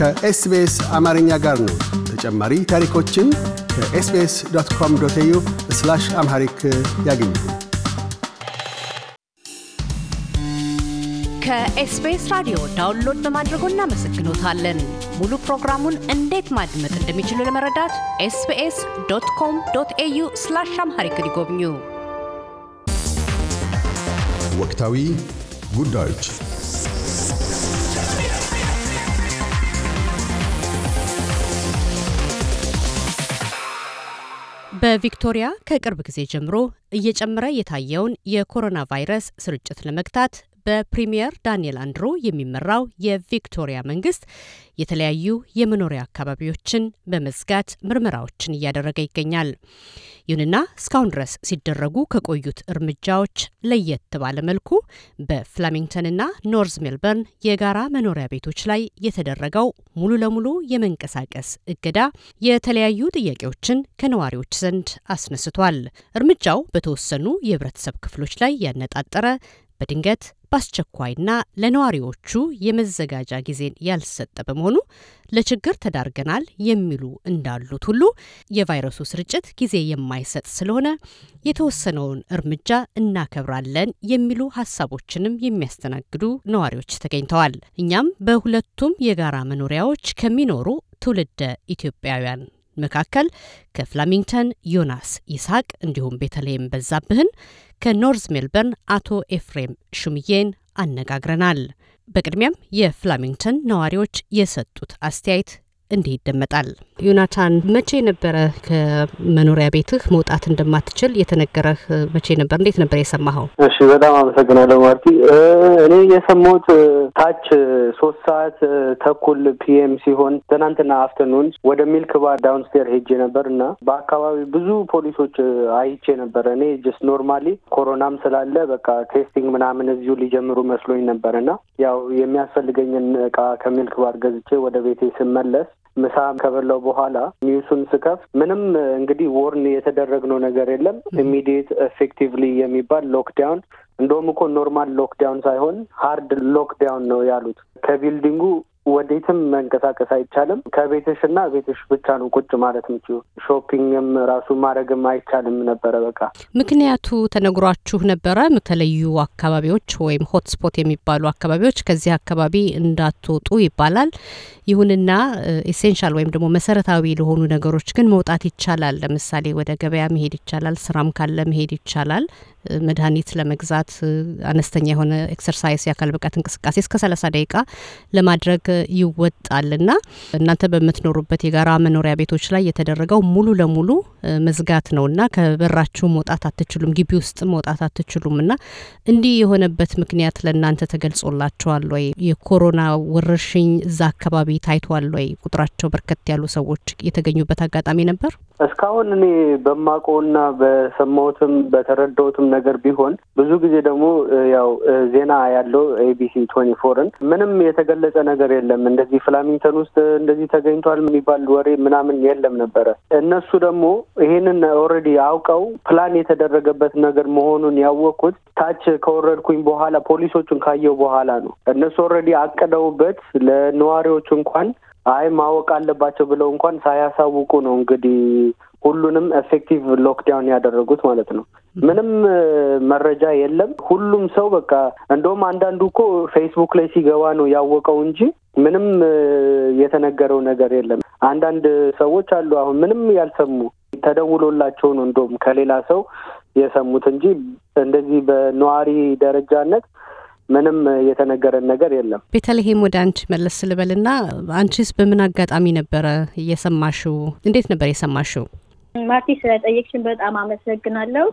ከኤስቤስ አማርኛ ጋር ነው። ተጨማሪ ታሪኮችን ከኤስቤስ ዶት ኮም ዶት ኤዩ አምሃሪክ ያገኙ። ከኤስቤስ ራዲዮ ዳውንሎድ በማድረጎ እናመሰግኖታለን። ሙሉ ፕሮግራሙን እንዴት ማድመጥ እንደሚችሉ ለመረዳት ኤስቤስ ዶት ኮም ዶት ኤዩ አምሃሪክ ሊጎብኙ ወቅታዊ ጉዳዮች በቪክቶሪያ ከቅርብ ጊዜ ጀምሮ እየጨመረ የታየውን የኮሮና ቫይረስ ስርጭት ለመግታት በፕሪምየር ዳንኤል አንድሮ የሚመራው የቪክቶሪያ መንግስት የተለያዩ የመኖሪያ አካባቢዎችን በመዝጋት ምርመራዎችን እያደረገ ይገኛል። ይሁንና እስካሁን ድረስ ሲደረጉ ከቆዩት እርምጃዎች ለየት ባለ መልኩ በፍላሚንግተንና ኖርዝ ሜልበርን የጋራ መኖሪያ ቤቶች ላይ የተደረገው ሙሉ ለሙሉ የመንቀሳቀስ እገዳ የተለያዩ ጥያቄዎችን ከነዋሪዎች ዘንድ አስነስቷል። እርምጃው በተወሰኑ የህብረተሰብ ክፍሎች ላይ ያነጣጠረ በድንገት በአስቸኳይና ለነዋሪዎቹ የመዘጋጃ ጊዜን ያልሰጠ በመሆኑ ለችግር ተዳርገናል የሚሉ እንዳሉት ሁሉ የቫይረሱ ስርጭት ጊዜ የማይሰጥ ስለሆነ የተወሰነውን እርምጃ እናከብራለን የሚሉ ሀሳቦችንም የሚያስተናግዱ ነዋሪዎች ተገኝተዋል። እኛም በሁለቱም የጋራ መኖሪያዎች ከሚኖሩ ትውልደ ኢትዮጵያውያን መካከል ከፍላሚንግተን ዮናስ ይስሐቅ እንዲሁም ቤተልሔም በዛብህን ከኖርዝ ሜልበርን አቶ ኤፍሬም ሹምዬን አነጋግረናል። በቅድሚያም የፍላሚንግተን ነዋሪዎች የሰጡት አስተያየት እንዲህ ይደመጣል። ዮናታን፣ መቼ ነበረ ከመኖሪያ ቤትህ መውጣት እንደማትችል የተነገረህ? መቼ ነበር? እንዴት ነበር የሰማኸው? እሺ፣ በጣም አመሰግናለሁ ማርቲ። እኔ የሰማሁት ታች ሶስት ሰዓት ተኩል ፒኤም ሲሆን ትናንትና አፍተርኑን ወደ ሚልክ ባር ዳውንስቴር ሄጄ ነበር እና በአካባቢ ብዙ ፖሊሶች አይቼ ነበረ። እኔ ጀስት ኖርማሊ ኮሮናም ስላለ በቃ ቴስቲንግ ምናምን እዚሁ ሊጀምሩ መስሎኝ ነበር እና ያው የሚያስፈልገኝን እቃ ከሚልክ ባር ገዝቼ ወደ ቤቴ ስመለስ ምሳ ከበላው በኋላ ኒውሱን ስከፍ ምንም እንግዲህ ወርን የተደረግነው ነገር የለም። ኢሚዲየት ኤፌክቲቭሊ የሚባል ሎክዳውን እንደውም እኮ ኖርማል ሎክዳውን ሳይሆን ሀርድ ሎክዳውን ነው ያሉት። ከቢልዲንጉ ወዴትም መንቀሳቀስ አይቻልም። ከቤትሽ እና ቤትሽ ብቻ ነው ቁጭ ማለት ምችው። ሾፒንግም ራሱ ማድረግም አይቻልም ነበረ። በቃ ምክንያቱ ተነግሯችሁ ነበረ? የተለዩ አካባቢዎች ወይም ሆትስፖት የሚባሉ አካባቢዎች ከዚህ አካባቢ እንዳትወጡ ይባላል። ይሁንና ኤሴንሻል ወይም ደግሞ መሰረታዊ ለሆኑ ነገሮች ግን መውጣት ይቻላል። ለምሳሌ ወደ ገበያ መሄድ ይቻላል። ስራም ካለ መሄድ ይቻላል። መድኃኒት ለመግዛት አነስተኛ የሆነ ኤክሰርሳይዝ የአካል ብቃት እንቅስቃሴ እስከ ሰላሳ ደቂቃ ለማድረግ ይወጣልና እናንተ በምትኖሩበት የጋራ መኖሪያ ቤቶች ላይ የተደረገው ሙሉ ለሙሉ መዝጋት ነውና ከበራችሁ መውጣት አትችሉም፣ ግቢ ውስጥ መውጣት አትችሉም እና እንዲህ የሆነበት ምክንያት ለእናንተ ተገልጾላቸዋል ወይ? የኮሮና ወረርሽኝ እዛ አካባቢ ታይቷል ወይ? ቁጥራቸው በርከት ያሉ ሰዎች የተገኙበት አጋጣሚ ነበር? እስካሁን እኔ በማውቀውና በሰማሁትም በተረዳሁትም ነገር ቢሆን ብዙ ጊዜ ደግሞ ያው ዜና ያለው ኤቢሲ ቶኒ ፎርን ምንም የተገለጸ ነገር የለም። እንደዚህ ፍላሚንግተን ውስጥ እንደዚህ ተገኝቷል የሚባል ወሬ ምናምን የለም ነበረ። እነሱ ደግሞ ይሄንን ኦልሬዲ አውቀው ፕላን የተደረገበት ነገር መሆኑን ያወቅኩት ታች ከወረድኩኝ በኋላ ፖሊሶቹን ካየው በኋላ ነው። እነሱ ኦልሬዲ አቅደውበት ለነዋሪዎቹ እንኳን አይ ማወቅ አለባቸው ብለው እንኳን ሳያሳውቁ ነው እንግዲህ ሁሉንም ኤፌክቲቭ ሎክዳውን ያደረጉት ማለት ነው። ምንም መረጃ የለም። ሁሉም ሰው በቃ እንደውም አንዳንዱ እኮ ፌስቡክ ላይ ሲገባ ነው ያወቀው እንጂ ምንም የተነገረው ነገር የለም። አንዳንድ ሰዎች አሉ አሁን ምንም ያልሰሙ ተደውሎላቸው ነው እንደውም ከሌላ ሰው የሰሙት እንጂ እንደዚህ በነዋሪ ደረጃነት ምንም የተነገረን ነገር የለም። ቤተልሔም ወደ አንቺ መለስ ልበልና አንቺስ በምን አጋጣሚ ነበረ እየሰማሽው? እንዴት ነበር የሰማሽው? ማርቲ ስለጠየቅሽን በጣም አመሰግናለሁ።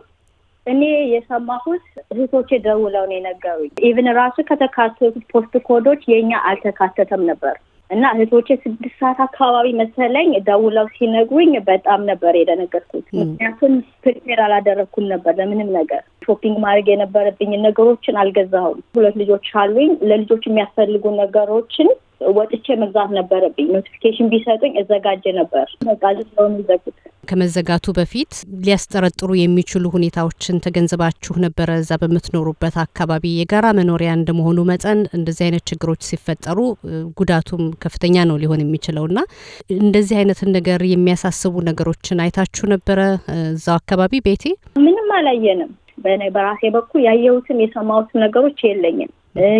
እኔ የሰማሁት እህቶቼ ደውለው ነው የነገሩኝ። ኢቭን ራሱ ከተካተቱት ፖስት ኮዶች የእኛ አልተካተተም ነበር እና እህቶቼ ስድስት ሰዓት አካባቢ መሰለኝ ደውለው ሲነግሩኝ በጣም ነበር የደነገጥኩት። ምክንያቱም ፕሪፔር አላደረግኩም ነበር ለምንም ነገር። ሾፒንግ ማድረግ የነበረብኝ ነገሮችን አልገዛሁም። ሁለት ልጆች አሉኝ። ለልጆች የሚያስፈልጉ ነገሮችን ወጥቼ መግዛት ነበረብኝ። ኖቲፊኬሽን ቢሰጡኝ እዘጋጀ ነበር። በቃ ስለሆኑ ይዘጉት። ከመዘጋቱ በፊት ሊያስጠረጥሩ የሚችሉ ሁኔታዎችን ተገንዝባችሁ ነበረ? እዛ በምትኖሩበት አካባቢ የጋራ መኖሪያ እንደመሆኑ መጠን እንደዚህ አይነት ችግሮች ሲፈጠሩ ጉዳቱም ከፍተኛ ነው ሊሆን የሚችለው እና እንደዚህ አይነትን ነገር የሚያሳስቡ ነገሮችን አይታችሁ ነበረ? እዛው አካባቢ ቤቴ ምንም አላየንም። በራሴ በኩል ያየሁትም የሰማሁትም ነገሮች የለኝም።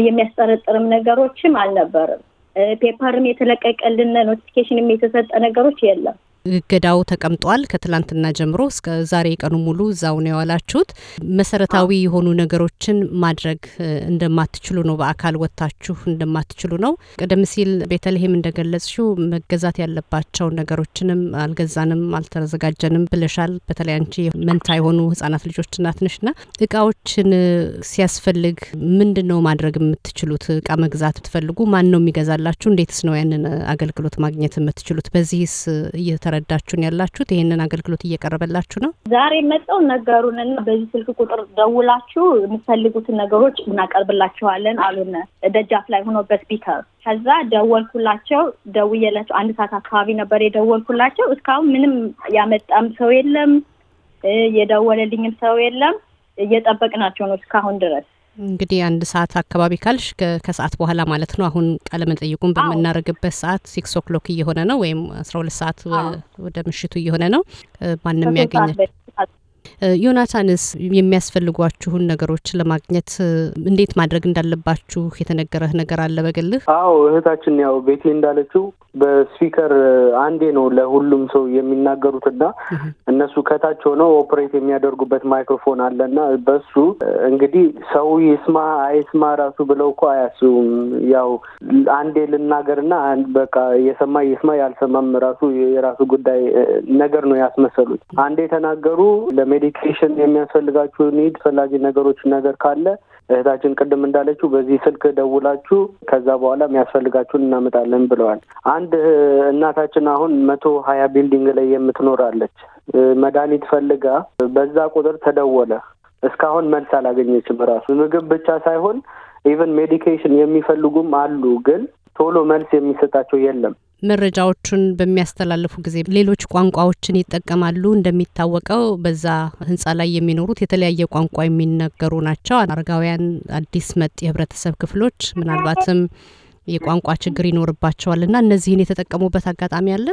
የሚያስጠረጥርም ነገሮችም አልነበርም። ፔፐርም የተለቀቀልን ኖቲፊኬሽንም የተሰጠ ነገሮች የለም። እገዳው ተቀምጧል። ከትላንትና ጀምሮ እስከ ዛሬ ቀኑ ሙሉ እዛው ነው የዋላችሁት። መሰረታዊ የሆኑ ነገሮችን ማድረግ እንደማትችሉ ነው፣ በአካል ወጥታችሁ እንደማትችሉ ነው። ቀደም ሲል ቤተልሔም እንደገለጽሽው መገዛት ያለባቸውን ነገሮችንም አልገዛንም፣ አልተዘጋጀንም ብለሻል። በተለይ አንቺ መንታ የሆኑ ህጻናት ልጆች እናት ነሽና እቃዎችን ሲያስፈልግ ምንድን ነው ማድረግ የምትችሉት? እቃ መግዛት ብትፈልጉ ማን ነው የሚገዛላችሁ? እንዴትስ ነው ያንን አገልግሎት ማግኘት የምትችሉት? በዚህስ እየተረ እየረዳችሁን ያላችሁት? ይህንን አገልግሎት እየቀረበላችሁ ነው? ዛሬ መጠው ነገሩን እና በዚህ ስልክ ቁጥር ደውላችሁ የምትፈልጉትን ነገሮች እናቀርብላችኋለን አሉን። ደጃፍ ላይ ሆኖ በስፒከር ከዛ ደወልኩላቸው። ደውዬላቸው አንድ ሰዓት አካባቢ ነበር የደወልኩላቸው። እስካሁን ምንም ያመጣም ሰው የለም፣ የደወለልኝም ሰው የለም። እየጠበቅናቸው ነው እስካሁን ድረስ እንግዲህ አንድ ሰዓት አካባቢ ካልሽ ከሰዓት በኋላ ማለት ነው። አሁን ቃለ መጠይቁን በምናደርግበት ሰዓት ሲክስ ኦክሎክ እየሆነ ነው፣ ወይም አስራ ሁለት ሰዓት ወደ ምሽቱ እየሆነ ነው። ማንም ያገኛል ዮናታንስ የሚያስፈልጓችሁን ነገሮች ለማግኘት እንዴት ማድረግ እንዳለባችሁ የተነገረህ ነገር አለ በግልህ? አዎ እህታችን ያው ቤቴ እንዳለችው በስፒከር አንዴ ነው ለሁሉም ሰው የሚናገሩትና እነሱ ከታች ሆነው ኦፕሬት የሚያደርጉበት ማይክሮፎን አለና በሱ እንግዲህ ሰው ይስማ አይስማ ራሱ ብለው እኮ አያስቡም። ያው አንዴ ልናገርና በቃ የሰማ ይስማ ያልሰማም ራሱ የራሱ ጉዳይ ነገር ነው ያስመሰሉት። አንዴ ተናገሩ ለሜ ሜዲኬሽን የሚያስፈልጋችሁ ኒድ ፈላጊ ነገሮች ነገር ካለ እህታችን ቅድም እንዳለችው በዚህ ስልክ ደውላችሁ ከዛ በኋላ የሚያስፈልጋችሁን እናመጣለን ብለዋል። አንድ እናታችን አሁን መቶ ሀያ ቢልዲንግ ላይ የምትኖራለች መድኃኒት ፈልጋ በዛ ቁጥር ተደወለ። እስካሁን መልስ አላገኘችም። ራሱ ምግብ ብቻ ሳይሆን ኢቨን ሜዲኬሽን የሚፈልጉም አሉ ግን ቶሎ መልስ የሚሰጣቸው የለም። መረጃዎቹን በሚያስተላልፉ ጊዜ ሌሎች ቋንቋዎችን ይጠቀማሉ። እንደሚታወቀው በዛ ህንጻ ላይ የሚኖሩት የተለያየ ቋንቋ የሚነገሩ ናቸው። አረጋውያን፣ አዲስ መጥ የህብረተሰብ ክፍሎች ምናልባትም የቋንቋ ችግር ይኖርባቸዋል እና እነዚህን የተጠቀሙበት አጋጣሚ አለ።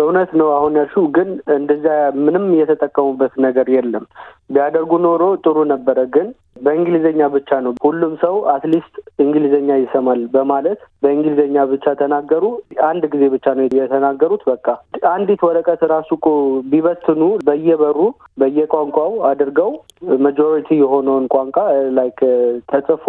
እውነት ነው አሁን ያልሽው። ግን እንደዚያ ምንም የተጠቀሙበት ነገር የለም። ቢያደርጉ ኖሮ ጥሩ ነበረ። ግን በእንግሊዝኛ ብቻ ነው ሁሉም ሰው አትሊስት እንግሊዝኛ ይሰማል በማለት በእንግሊዝኛ ብቻ ተናገሩ። አንድ ጊዜ ብቻ ነው የተናገሩት። በቃ አንዲት ወረቀት ራሱ እኮ ቢበትኑ በየበሩ በየቋንቋው አድርገው መጆሪቲ የሆነውን ቋንቋ ላይክ ተጽፎ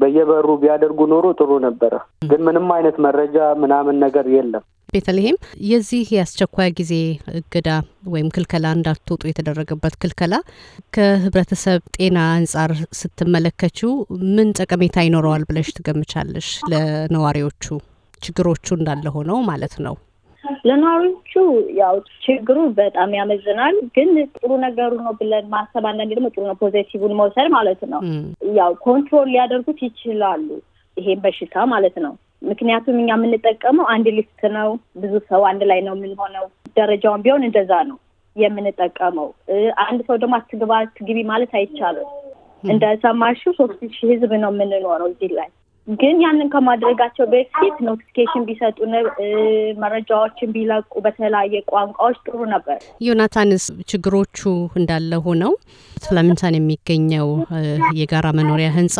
በየበሩ ቢያደርጉ ኖሮ ጥሩ ነበረ። ግን ምንም አይነት መረጃ ምናምን ነገር የለም። ቤተልሔም፣ የዚህ የአስቸኳይ ጊዜ እገዳ ወይም ክልከላ እንዳትወጡ የተደረገበት ክልከላ ከህብረተሰብ ጤና አንጻር ስትመለከችው ምን ጠቀሜታ ይኖረዋል ብለሽ ትገምቻለሽ? ለነዋሪዎቹ ችግሮቹ እንዳለ ሆነው ማለት ነው። ለነዋሪዎቹ ያው ችግሩ በጣም ያመዝናል። ግን ጥሩ ነገሩ ነው ብለን ማሰብ አንዳንዴ ደግሞ ጥሩ ነው ፖዘቲቭን መውሰድ ማለት ነው። ያው ኮንትሮል ሊያደርጉት ይችላሉ ይሄን በሽታ ማለት ነው። ምክንያቱም እኛ የምንጠቀመው አንድ ሊፍት ነው፣ ብዙ ሰው አንድ ላይ ነው የምንሆነው። ደረጃውን ቢሆን እንደዛ ነው የምንጠቀመው። አንድ ሰው ደግሞ አትግባ አትግቢ ማለት አይቻልም። እንደሰማሽው ሶስት ሺህ ህዝብ ነው የምንኖረው እዚህ ላይ ግን ያንን ከማድረጋቸው በፊት ኖቲፊኬሽን ቢሰጡ መረጃዎችን ቢለቁ በተለያየ ቋንቋዎች ጥሩ ነበር። ዮናታንስ ችግሮቹ እንዳለ ሆነው ፍለምንታን የሚገኘው የጋራ መኖሪያ ህንጻ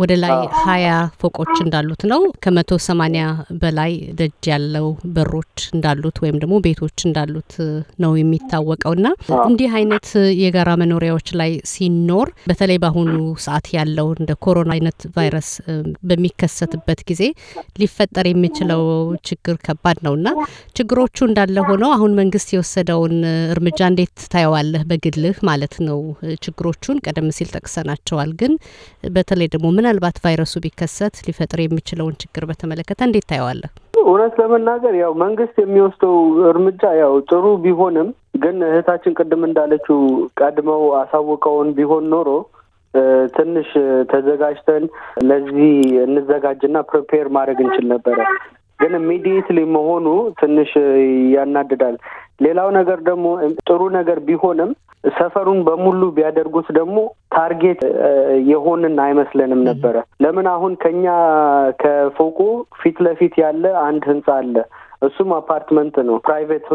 ወደ ላይ ሀያ ፎቆች እንዳሉት ነው። ከመቶ ሰማኒያ በላይ ደጅ ያለው በሮች እንዳሉት ወይም ደግሞ ቤቶች እንዳሉት ነው የሚታወቀው ና እንዲህ አይነት የጋራ መኖሪያዎች ላይ ሲኖር በተለይ በአሁኑ ሰዓት ያለው እንደ ኮሮና አይነት ቫይረስ በሚከሰትበት ጊዜ ሊፈጠር የሚችለው ችግር ከባድ ነው እና ችግሮቹ እንዳለ ሆነው አሁን መንግስት የወሰደውን እርምጃ እንዴት ታየዋለህ? በግልህ ማለት ነው። ችግሮቹን ቀደም ሲል ጠቅሰናቸዋል፣ ግን በተለይ ደግሞ ምናልባት ቫይረሱ ቢከሰት ሊፈጥር የሚችለውን ችግር በተመለከተ እንዴት ታየዋለህ? እውነት ለመናገር ያው መንግስት የሚወስደው እርምጃ ያው ጥሩ ቢሆንም ግን እህታችን ቅድም እንዳለችው ቀድመው አሳውቀውን ቢሆን ኖሮ ትንሽ ተዘጋጅተን ለዚህ እንዘጋጅና ፕሪፔር ማድረግ እንችል ነበረ። ግን ኢሚዲየትሊ መሆኑ ትንሽ ያናድዳል። ሌላው ነገር ደግሞ ጥሩ ነገር ቢሆንም ሰፈሩን በሙሉ ቢያደርጉት ደግሞ ታርጌት የሆንን አይመስለንም ነበረ። ለምን አሁን ከኛ ከፎቁ ፊት ለፊት ያለ አንድ ህንፃ አለ እሱም አፓርትመንት ነው፣ ፕራይቬት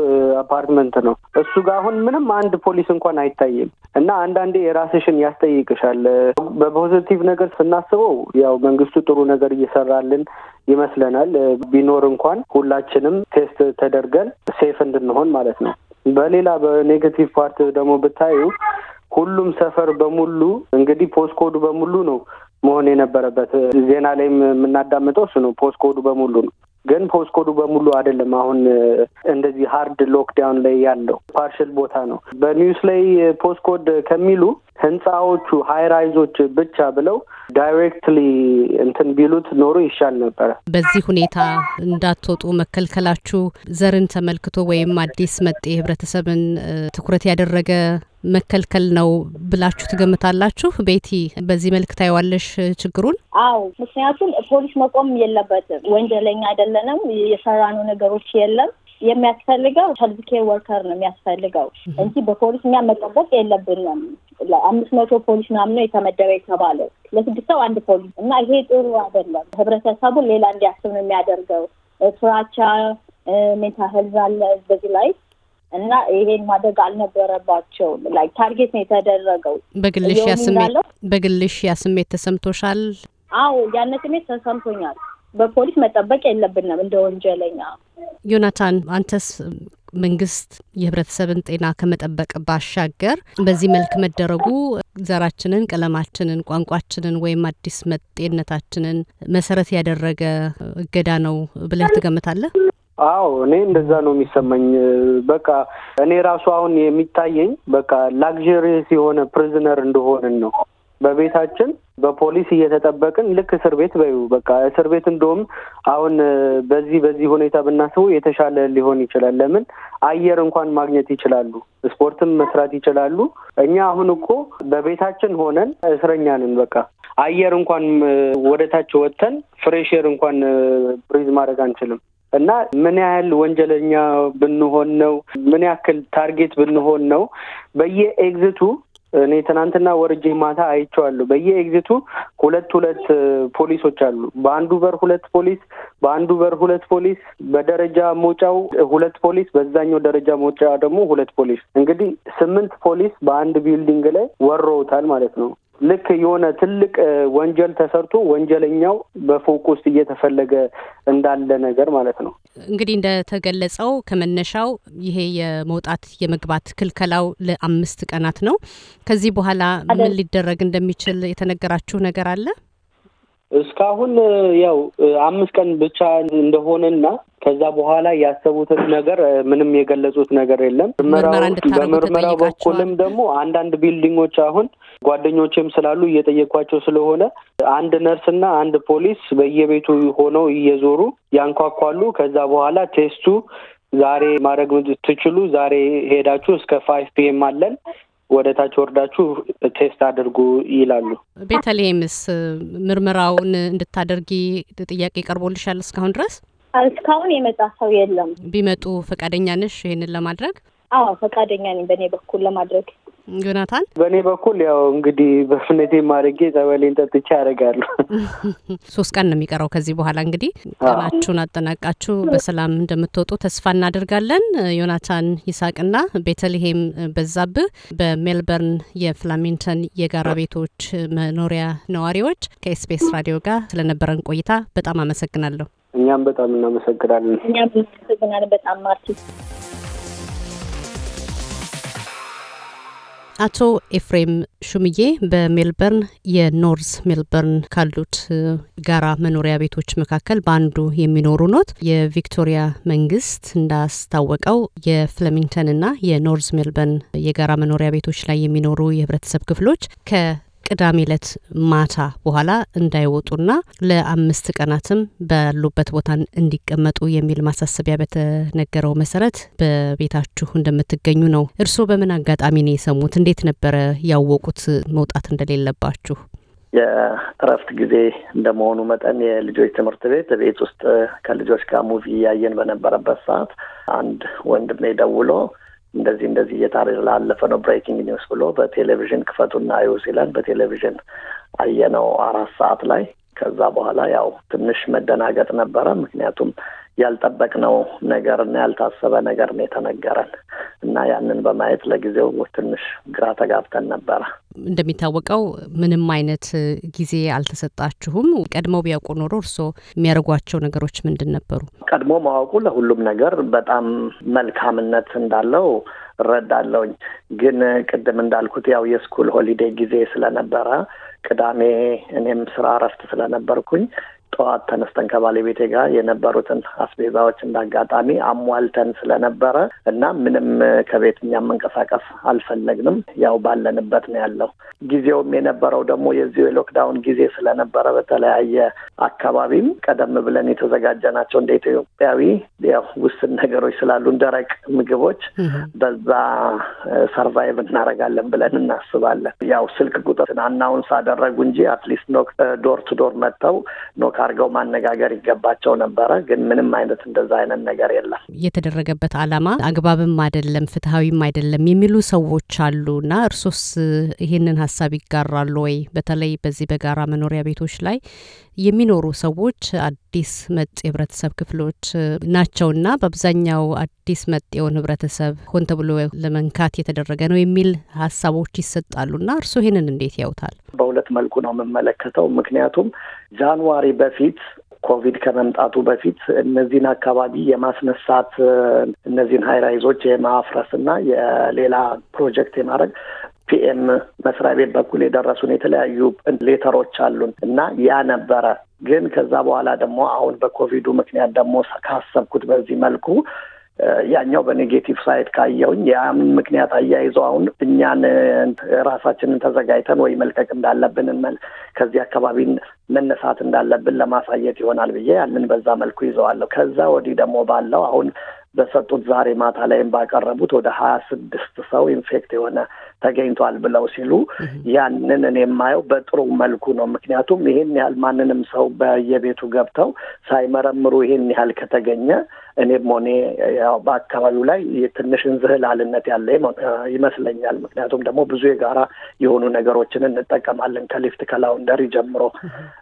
አፓርትመንት ነው። እሱ ጋር አሁን ምንም አንድ ፖሊስ እንኳን አይታይም። እና አንዳንዴ የራስሽን ያስጠይቅሻል። በፖዚቲቭ ነገር ስናስበው ያው መንግስቱ ጥሩ ነገር እየሰራልን ይመስለናል። ቢኖር እንኳን ሁላችንም ቴስት ተደርገን ሴፍ እንድንሆን ማለት ነው። በሌላ በኔጌቲቭ ፓርት ደግሞ ብታዩ ሁሉም ሰፈር በሙሉ እንግዲህ ፖስት ኮዱ በሙሉ ነው መሆን የነበረበት ዜና ላይ የምናዳምጠው እሱ ነው። ኮዱ በሙሉ ነው ግን ፖስኮዱ በሙሉ አይደለም። አሁን እንደዚህ ሀርድ ሎክዳውን ላይ ያለው ፓርሽል ቦታ ነው። በኒውስ ላይ ፖስኮድ ከሚሉ ህንፃዎቹ ሀይራይዞች ብቻ ብለው ዳይሬክትሊ እንትን ቢሉት ኖሩ ይሻል ነበረ። በዚህ ሁኔታ እንዳትወጡ መከልከላችሁ ዘርን ተመልክቶ ወይም አዲስ መጤ ህብረተሰብን ትኩረት ያደረገ መከልከል ነው ብላችሁ ትገምታላችሁ? ቤቲ፣ በዚህ መልክ ታይዋለሽ ችግሩን? አዎ፣ ምክንያቱም ፖሊስ መቆም የለበትም። ወንጀለኛ አይደለንም። የሰራነው ነገሮች የለም የሚያስፈልገው ሄልዝ ኬር ወርከር ነው የሚያስፈልገው እንጂ በፖሊስ እኛ መጠበቅ የለብንም። ለአምስት መቶ ፖሊስ ምናምን ነው የተመደበ የተባለው ለስድስት ሰው አንድ ፖሊስ እና ይሄ ጥሩ አይደለም። ህብረተሰቡን ሌላ እንዲያስብ ነው የሚያደርገው። ፍራቻ፣ ሜንታል ሄልዝ አለ በዚህ ላይ እና ይሄን ማድረግ አልነበረባቸውም። ላይ ታርጌት ነው የተደረገው። በግልሽ ያስሜት በግልሽ ያስሜት ተሰምቶሻል? አዎ ያነ ስሜት ተሰምቶኛል። በፖሊስ መጠበቅ የለብንም እንደ ወንጀለኛ። ዮናታን አንተስ መንግስት የህብረተሰብን ጤና ከመጠበቅ ባሻገር በዚህ መልክ መደረጉ ዘራችንን፣ ቀለማችንን፣ ቋንቋችንን ወይም አዲስ መጤነታችንን መሰረት ያደረገ እገዳ ነው ብለህ ትገምታለህ? አዎ እኔ እንደዛ ነው የሚሰማኝ። በቃ እኔ ራሱ አሁን የሚታየኝ በቃ ላግዠሪየስ የሆነ ፕሪዝነር እንደሆንን ነው በቤታችን በፖሊስ እየተጠበቅን ልክ እስር ቤት በዩ በቃ እስር ቤት እንደውም አሁን በዚህ በዚህ ሁኔታ ብናስቡ የተሻለ ሊሆን ይችላል። ለምን አየር እንኳን ማግኘት ይችላሉ፣ ስፖርትም መስራት ይችላሉ። እኛ አሁን እኮ በቤታችን ሆነን እስረኛ ነን። በቃ አየር እንኳን ወደ ታች ወጥተን ፍሬሽ ኤር እንኳን ብሪዝ ማድረግ አንችልም። እና ምን ያህል ወንጀለኛ ብንሆን ነው ምን ያክል ታርጌት ብንሆን ነው በየኤግዚቱ እኔ ትናንትና ወርጄ ማታ አይቼዋለሁ። በየኤግዚቱ ሁለት ሁለት ፖሊሶች አሉ። በአንዱ በር ሁለት ፖሊስ፣ በአንዱ በር ሁለት ፖሊስ፣ በደረጃ መውጫው ሁለት ፖሊስ፣ በዛኛው ደረጃ መውጫ ደግሞ ሁለት ፖሊስ። እንግዲህ ስምንት ፖሊስ በአንድ ቢልዲንግ ላይ ወረውታል ማለት ነው። ልክ የሆነ ትልቅ ወንጀል ተሰርቶ ወንጀለኛው በፎቅ ውስጥ እየተፈለገ እንዳለ ነገር ማለት ነው። እንግዲህ እንደተገለጸው ከመነሻው ይሄ የመውጣት የመግባት ክልከላው ለአምስት ቀናት ነው። ከዚህ በኋላ ምን ሊደረግ እንደሚችል የተነገራችሁ ነገር አለ? እስካሁን ያው አምስት ቀን ብቻ እንደሆነና ከዛ በኋላ ያሰቡትን ነገር ምንም የገለጹት ነገር የለም። በምርመራ በኩልም ደግሞ አንዳንድ ቢልዲንጎች አሁን ጓደኞችም ስላሉ እየጠየኳቸው ስለሆነ አንድ ነርስና አንድ ፖሊስ በየቤቱ ሆነው እየዞሩ ያንኳኳሉ። ከዛ በኋላ ቴስቱ ዛሬ ማድረግ ትችሉ ዛሬ ሄዳችሁ እስከ ፋይቭ ፒኤም አለን ወደ ታች ወርዳችሁ ቴስት አድርጉ ይላሉ። ቤተልሔምስ ምርመራውን እንድታደርጊ ጥያቄ ቀርቦልሻል? እስካሁን ድረስ እስካሁን የመጣ ሰው የለም። ቢመጡ ፈቃደኛ ነሽ ይህንን ለማድረግ? አዎ ፈቃደኛ ነኝ በእኔ በኩል ለማድረግ ዮናታን? በእኔ በኩል ያው እንግዲህ በፍነቴ ማድረጌ ጸበሌን ጠጥቼ ያደርጋሉ። ሶስት ቀን ነው የሚቀረው። ከዚህ በኋላ እንግዲህ ቀናችሁን አጠናቃችሁ በሰላም እንደምትወጡ ተስፋ እናደርጋለን። ዮናታን ይስሐቅና ቤተልሔም በዛብህ በሜልበርን የፍላሚንተን የጋራ ቤቶች መኖሪያ ነዋሪዎች ከኤስቢኤስ ራዲዮ ጋር ስለነበረን ቆይታ በጣም አመሰግናለሁ። እኛም በጣም እናመሰግናለን። እኛም እናመሰግናለን በጣም ማርቲ አቶ ኤፍሬም ሹምዬ በሜልበርን የኖርዝ ሜልበርን ካሉት ጋራ መኖሪያ ቤቶች መካከል በአንዱ የሚኖሩ ኖት። የቪክቶሪያ መንግስት እንዳስታወቀው የፍለሚንግተንና የኖርዝ ሜልበርን የጋራ መኖሪያ ቤቶች ላይ የሚኖሩ የህብረተሰብ ክፍሎች ከ ቅዳሜ ዕለት ማታ በኋላ እንዳይወጡና ለአምስት ቀናትም ባሉበት ቦታ እንዲቀመጡ የሚል ማሳሰቢያ በተነገረው መሰረት በቤታችሁ እንደምትገኙ ነው። እርስዎ በምን አጋጣሚ ነው የሰሙት? እንዴት ነበረ ያወቁት መውጣት እንደሌለባችሁ? የእረፍት ጊዜ እንደመሆኑ መጠን የልጆች ትምህርት ቤት ቤት ውስጥ ከልጆች ጋር ሙቪ እያየን በነበረበት ሰዓት አንድ ወንድሜ ደውሎ እንደዚህ እንደዚህ እየታሪ ላለፈ ነው ብሬኪንግ ኒውስ ብሎ በቴሌቪዥን ክፈቱና እዩ ሲለን በቴሌቪዥን አየነው አራት ሰዓት ላይ። ከዛ በኋላ ያው ትንሽ መደናገጥ ነበረ። ምክንያቱም ያልጠበቅነው ነገር እና ያልታሰበ ነገር ነው የተነገረን እና ያንን በማየት ለጊዜው ትንሽ ግራ ተጋብተን ነበረ። እንደሚታወቀው ምንም አይነት ጊዜ አልተሰጣችሁም። ቀድሞ ቢያውቁ ኖሮ እርስዎ የሚያደርጓቸው ነገሮች ምንድን ነበሩ? ቀድሞ ማወቁ ለሁሉም ነገር በጣም መልካምነት እንዳለው እረዳለሁኝ። ግን ቅድም እንዳልኩት ያው የስኩል ሆሊዴ ጊዜ ስለነበረ ቅዳሜ እኔም ስራ እረፍት ስለነበርኩኝ ጠዋት ተነስተን ከባለቤቴ ጋር የነበሩትን አስቤዛዎች እንዳጋጣሚ አሟልተን ስለነበረ እና ምንም ከቤት እኛም መንቀሳቀስ አልፈለግንም። ያው ባለንበት ነው ያለው። ጊዜውም የነበረው ደግሞ የዚሁ የሎክዳውን ጊዜ ስለነበረ በተለያየ አካባቢም ቀደም ብለን የተዘጋጀናቸው እንደ ኢትዮጵያዊ ያው ውስን ነገሮች ስላሉን ደረቅ ምግቦች በዛ ሰርቫይቭ እናደርጋለን ብለን እናስባለን። ያው ስልክ ቁጥር አናውንስ አደረጉ እንጂ አትሊስት ዶር ቱ ዶር መጥተው ኖካ አድርገው ማነጋገር ይገባቸው ነበረ። ግን ምንም አይነት እንደዛ አይነት ነገር የለም። የተደረገበት አላማ አግባብም አይደለም፣ ፍትሀዊም አይደለም የሚሉ ሰዎች አሉ እና እርሶስ ይህንን ሀሳብ ይጋራሉ ወይ? በተለይ በዚህ በጋራ መኖሪያ ቤቶች ላይ የሚኖሩ ሰዎች አዲስ መጤ የህብረተሰብ ክፍሎች ናቸውና በአብዛኛው አዲስ መጤውን ህብረተሰብ ሆን ተብሎ ለመንካት የተደረገ ነው የሚል ሀሳቦች ይሰጣሉና እርስዎ ይህንን እንዴት ያውታል? በሁለት መልኩ ነው የምመለከተው። ምክንያቱም ጃንዋሪ በፊት ኮቪድ ከመምጣቱ በፊት እነዚህን አካባቢ የማስነሳት እነዚህን ሀይራይዞች የማፍረስ እና የሌላ ፕሮጀክት የማድረግ ፒኤም መስሪያ ቤት በኩል የደረሱን የተለያዩ ሌተሮች አሉን እና ያ ነበረ። ግን ከዛ በኋላ ደግሞ አሁን በኮቪዱ ምክንያት ደግሞ ካሰብኩት በዚህ መልኩ ያኛው በኔጌቲቭ ሳይድ ካየውኝ ያምን ምክንያት አያይዘው አሁን እኛን ራሳችንን ተዘጋጅተን ወይ መልቀቅ እንዳለብን ከዚህ አካባቢ መነሳት እንዳለብን ለማሳየት ይሆናል ብዬ ያንን በዛ መልኩ ይዘዋለሁ። ከዛ ወዲህ ደግሞ ባለው አሁን በሰጡት ዛሬ ማታ ላይም ባቀረቡት ወደ ሀያ ስድስት ሰው ኢንፌክት የሆነ ተገኝቷል ብለው ሲሉ ያንን እኔ የማየው በጥሩ መልኩ ነው። ምክንያቱም ይህን ያህል ማንንም ሰው በየቤቱ ገብተው ሳይመረምሩ ይህን ያህል ከተገኘ እኔም ሆኔ ያው በአካባቢው ላይ ትንሽ እንዝህላልነት ያለ ይመስለኛል። ምክንያቱም ደግሞ ብዙ የጋራ የሆኑ ነገሮችን እንጠቀማለን ከሊፍት ከላውንደሪ ጀምሮ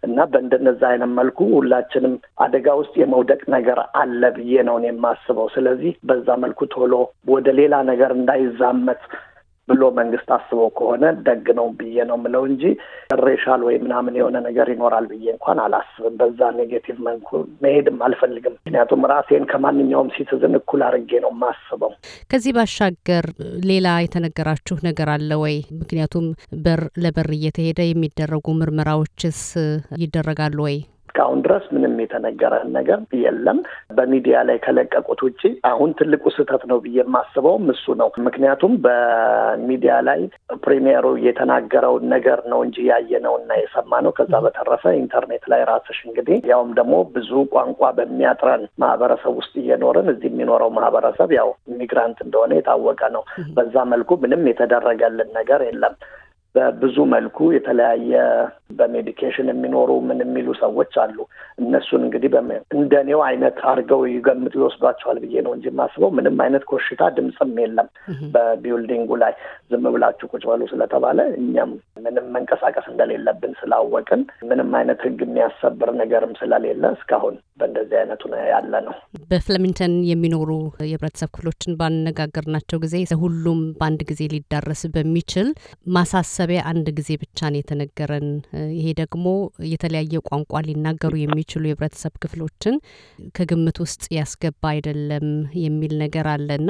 እና በእንደነዛ አይነት መልኩ ሁላችንም አደጋ ውስጥ የመውደቅ ነገር አለ ብዬ ነው የማስበው። ስለዚህ በዛ መልኩ ቶሎ ወደ ሌላ ነገር እንዳይዛመት ብሎ መንግስት አስቦ ከሆነ ደግ ነው ብዬ ነው የምለው እንጂ ሬሻል ወይ ምናምን የሆነ ነገር ይኖራል ብዬ እንኳን አላስብም። በዛ ኔጌቲቭ መልኩ መሄድም አልፈልግም። ምክንያቱም ራሴን ከማንኛውም ሲትዝን እኩል አድርጌ ነው የማስበው። ከዚህ ባሻገር ሌላ የተነገራችሁ ነገር አለ ወይ? ምክንያቱም በር ለበር እየተሄደ የሚደረጉ ምርመራዎችስ ይደረጋሉ ወይ? እስካሁን ድረስ ምንም የተነገረን ነገር የለም። በሚዲያ ላይ ከለቀቁት ውጭ አሁን ትልቁ ስህተት ነው ብዬ የማስበውም እሱ ነው። ምክንያቱም በሚዲያ ላይ ፕሪሚየሩ የተናገረውን ነገር ነው እንጂ ያየነው እና የሰማነው። ከዛ በተረፈ ኢንተርኔት ላይ ራስሽ እንግዲህ ያውም ደግሞ ብዙ ቋንቋ በሚያጥረን ማህበረሰብ ውስጥ እየኖርን እዚህ የሚኖረው ማህበረሰብ ያው ኢሚግራንት እንደሆነ የታወቀ ነው። በዛ መልኩ ምንም የተደረገልን ነገር የለም። በብዙ መልኩ የተለያየ በሜዲኬሽን የሚኖሩ ምን የሚሉ ሰዎች አሉ። እነሱን እንግዲህ እንደኔው አይነት አድርገው ይገምጡ ይወስዷቸዋል ብዬ ነው እንጂ የማስበው ምንም አይነት ኮሽታ ድምፅም የለም። በቢውልዲንጉ ላይ ዝም ብላችሁ ቁጭ በሉ ስለተባለ እኛም ምንም መንቀሳቀስ እንደሌለብን ስላወቅን ምንም አይነት ሕግ የሚያሰብር ነገርም ስለሌለ እስካሁን በእንደዚህ አይነቱ ያለ ነው። በፍለሚንተን የሚኖሩ የህብረተሰብ ክፍሎችን ባነጋገርናቸው ጊዜ ሁሉም በአንድ ጊዜ ሊዳረስ በሚችል ማሳሰብ ገበያ አንድ ጊዜ ብቻ ነው የተነገረን። ይሄ ደግሞ የተለያየ ቋንቋ ሊናገሩ የሚችሉ የህብረተሰብ ክፍሎችን ከግምት ውስጥ ያስገባ አይደለም የሚል ነገር አለ እና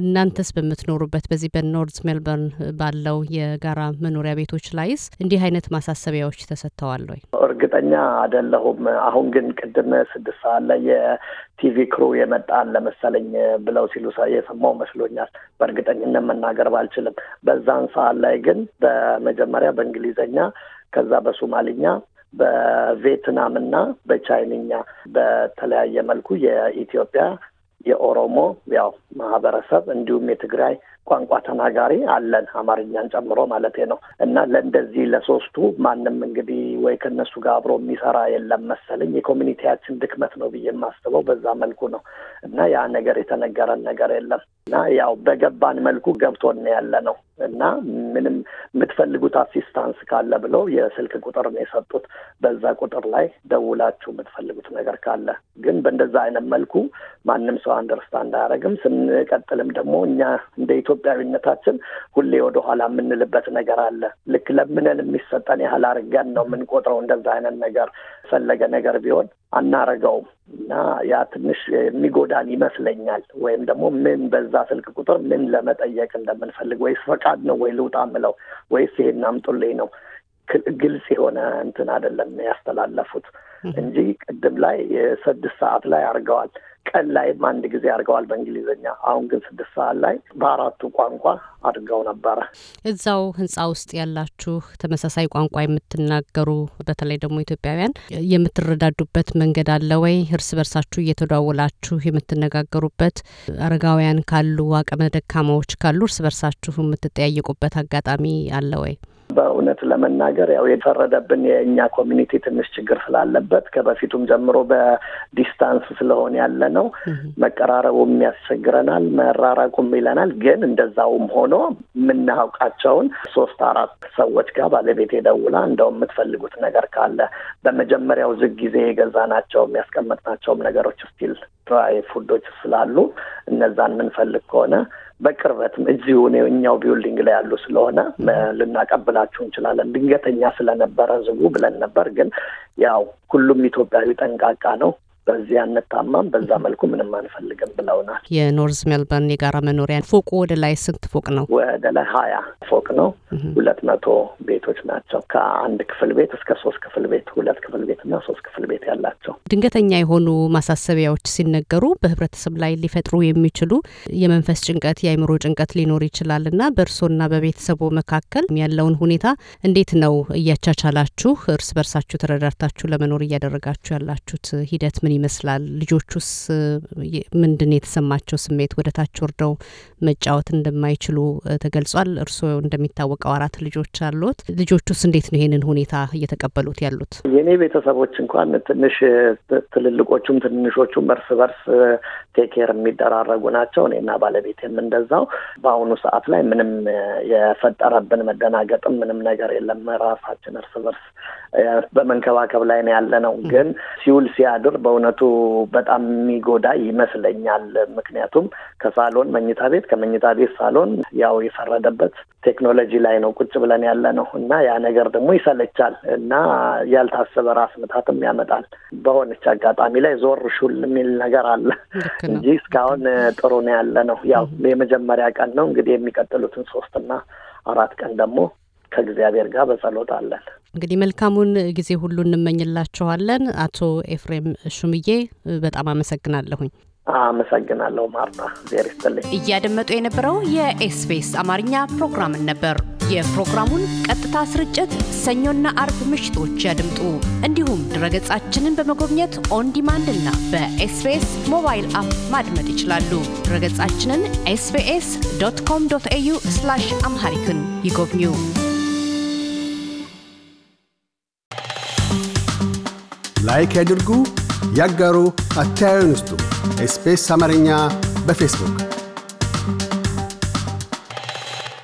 እናንተስ በምትኖሩበት በዚህ በኖርዝ ሜልበርን ባለው የጋራ መኖሪያ ቤቶች ላይስ እንዲህ አይነት ማሳሰቢያዎች ተሰጥተዋል ወይ? እርግጠኛ አይደለሁም። አሁን ግን ቅድም ስድስት ሰዓት ላይ የቲቪ ክሩ የመጣን ለመሰለኝ ብለው ሲሉ የሰማው መስሎኛል። በእርግጠኝነት መናገር ባልችልም በዛን ሰዓት ላይ ግን በመጀመሪያ በእንግሊዝኛ ከዛ በሶማልኛ በቬትናምና በቻይንኛ በተለያየ መልኩ የኢትዮጵያ የኦሮሞ ያው ማህበረሰብ እንዲሁም የትግራይ ቋንቋ ተናጋሪ አለን አማርኛን ጨምሮ ማለት ነው። እና ለእንደዚህ ለሶስቱ ማንም እንግዲህ ወይ ከነሱ ጋር አብሮ የሚሰራ የለም መሰለኝ። የኮሚኒቲያችን ድክመት ነው ብዬ የማስበው በዛ መልኩ ነው። እና ያ ነገር የተነገረን ነገር የለም እና ያው በገባን መልኩ ገብቶን ያለ ነው እና ምንም የምትፈልጉት አሲስታንስ ካለ ብለው የስልክ ቁጥር ነው የሰጡት። በዛ ቁጥር ላይ ደውላችሁ የምትፈልጉት ነገር ካለ ግን በእንደዛ አይነት መልኩ ማንም ሰው አንደርስታንድ አያደርግም። ስንቀጥልም ደግሞ እኛ እንደ ኢትዮ ኢትዮጵያዊነታችን ሁሌ ወደ ኋላ የምንልበት ነገር አለ። ልክ ለምነን የሚሰጠን ያህል አድርገን ነው የምንቆጥረው። እንደዛ አይነት ነገር ፈለገ ነገር ቢሆን አናረገውም እና ያ ትንሽ የሚጎዳን ይመስለኛል። ወይም ደግሞ ምን በዛ ስልክ ቁጥር ምን ለመጠየቅ እንደምንፈልግ ወይስ ፈቃድ ነው ወይ ልውጣ ምለው ወይስ ይሄን አምጡልኝ ነው ግልጽ የሆነ እንትን አይደለም ያስተላለፉት። እንጂ ቅድም ላይ የስድስት ሰዓት ላይ አድርገዋል። ቀን ላይም አንድ ጊዜ አድርገዋል በእንግሊዝኛ። አሁን ግን ስድስት ሰዓት ላይ በአራቱ ቋንቋ አድርገው ነበረ። እዛው ህንጻ ውስጥ ያላችሁ ተመሳሳይ ቋንቋ የምትናገሩ በተለይ ደግሞ ኢትዮጵያውያን የምትረዳዱበት መንገድ አለ ወይ? እርስ በርሳችሁ እየተደዋወላችሁ የምትነጋገሩበት፣ አረጋውያን ካሉ አቅመ ደካማዎች ካሉ እርስ በርሳችሁ የምትጠያየቁበት አጋጣሚ አለ ወይ? በእውነት ለመናገር ያው የተፈረደብን የእኛ ኮሚኒቲ ትንሽ ችግር ስላለበት ከበፊቱም ጀምሮ በዲስታንስ ስለሆነ ያለ ነው። መቀራረቡም ያስቸግረናል፣ መራራቁም ይለናል። ግን እንደዛውም ሆኖ የምናውቃቸውን ሶስት አራት ሰዎች ጋር ባለቤት የደውላ እንደው የምትፈልጉት ነገር ካለ በመጀመሪያው ዝግ ጊዜ የገዛናቸውም ያስቀመጥናቸውም ነገሮች ስቲል ድራይ ፉዶች ስላሉ እነዛን የምንፈልግ ከሆነ በቅርበትም እዚሁ እኛው ቢውልዲንግ ላይ ያሉ ስለሆነ ልናቀብላችሁ እንችላለን። ድንገተኛ ስለነበረ ዝጉ ብለን ነበር። ግን ያው ሁሉም ኢትዮጵያዊ ጠንቃቃ ነው። በዚህ አንታማም፣ በዛ መልኩ ምንም አንፈልግም ብለውናል። የኖርዝ ሜልበርን የጋራ መኖሪያ ፎቁ ወደ ላይ ስንት ፎቅ ነው? ወደ ላይ ሀያ ፎቅ ነው። ሁለት መቶ ቤቶች ናቸው። ከአንድ ክፍል ቤት እስከ ሶስት ክፍል ቤት፣ ሁለት ክፍል ቤት እና ሶስት ክፍል ቤት ያላቸው። ድንገተኛ የሆኑ ማሳሰቢያዎች ሲነገሩ በህብረተሰብ ላይ ሊፈጥሩ የሚችሉ የመንፈስ ጭንቀት፣ የአይምሮ ጭንቀት ሊኖር ይችላል እና በእርሶና በቤተሰቡ መካከል ያለውን ሁኔታ እንዴት ነው እያቻቻላችሁ እርስ በርሳችሁ ተረዳርታችሁ ለመኖር እያደረጋችሁ ያላችሁት ሂደት ምን ይመስላል? ልጆቹስ ምንድን የተሰማቸው ስሜት? ወደ ታች ወርደው መጫወት እንደማይችሉ ተገልጿል። እርስዎ እንደሚታወቀው አራት ልጆች አሉት። ልጆቹስ እንዴት ነው ይሄንን ሁኔታ እየተቀበሉት ያሉት? የእኔ ቤተሰቦች እንኳን ትንሽ ትልልቆቹም ትንሾቹም እርስ በርስ ቴኬር የሚደራረጉ ናቸው። እኔና ባለቤቴም እንደዛው። በአሁኑ ሰዓት ላይ ምንም የፈጠረብን መደናገጥም ምንም ነገር የለም። ራሳችን እርስ በርስ በመንከባከብ ላይ ነው ግን ሲውል ሲያድር በእውነ እውነቱ በጣም የሚጎዳ ይመስለኛል። ምክንያቱም ከሳሎን መኝታ ቤት፣ ከመኝታ ቤት ሳሎን ያው የፈረደበት ቴክኖሎጂ ላይ ነው ቁጭ ብለን ያለ ነው እና ያ ነገር ደግሞ ይሰለቻል እና ያልታሰበ ራስ ምታትም ያመጣል። በሆነች አጋጣሚ ላይ ዞር ሹል የሚል ነገር አለ እንጂ እስካሁን ጥሩ ነው ያለ ነው። ያው የመጀመሪያ ቀን ነው እንግዲህ የሚቀጥሉትን ሶስትና አራት ቀን ደግሞ ከእግዚአብሔር ጋር በጸሎት አለን። እንግዲህ መልካሙን ጊዜ ሁሉ እንመኝላችኋለን። አቶ ኤፍሬም ሹምዬ በጣም አመሰግናለሁኝ። አመሰግናለሁ ማርታ፣ ዜር ይስጥልኝ። እያደመጡ የነበረው የኤስቢኤስ አማርኛ ፕሮግራምን ነበር። የፕሮግራሙን ቀጥታ ስርጭት ሰኞና አርብ ምሽቶች ያድምጡ። እንዲሁም ድረገጻችንን በመጎብኘት ኦን ዲማንድ እና በኤስቢኤስ ሞባይል አፕ ማድመጥ ይችላሉ። ድረገጻችንን ኤስቢኤስ ዶት ኮም ዶት ኤዩ አምሃሪክን ይጎብኙ። ላይክ ያድርጉ፣ ያጋሩ፣ አስተያየቱን ይስጡ። ኤስፔስ አማርኛ በፌስቡክ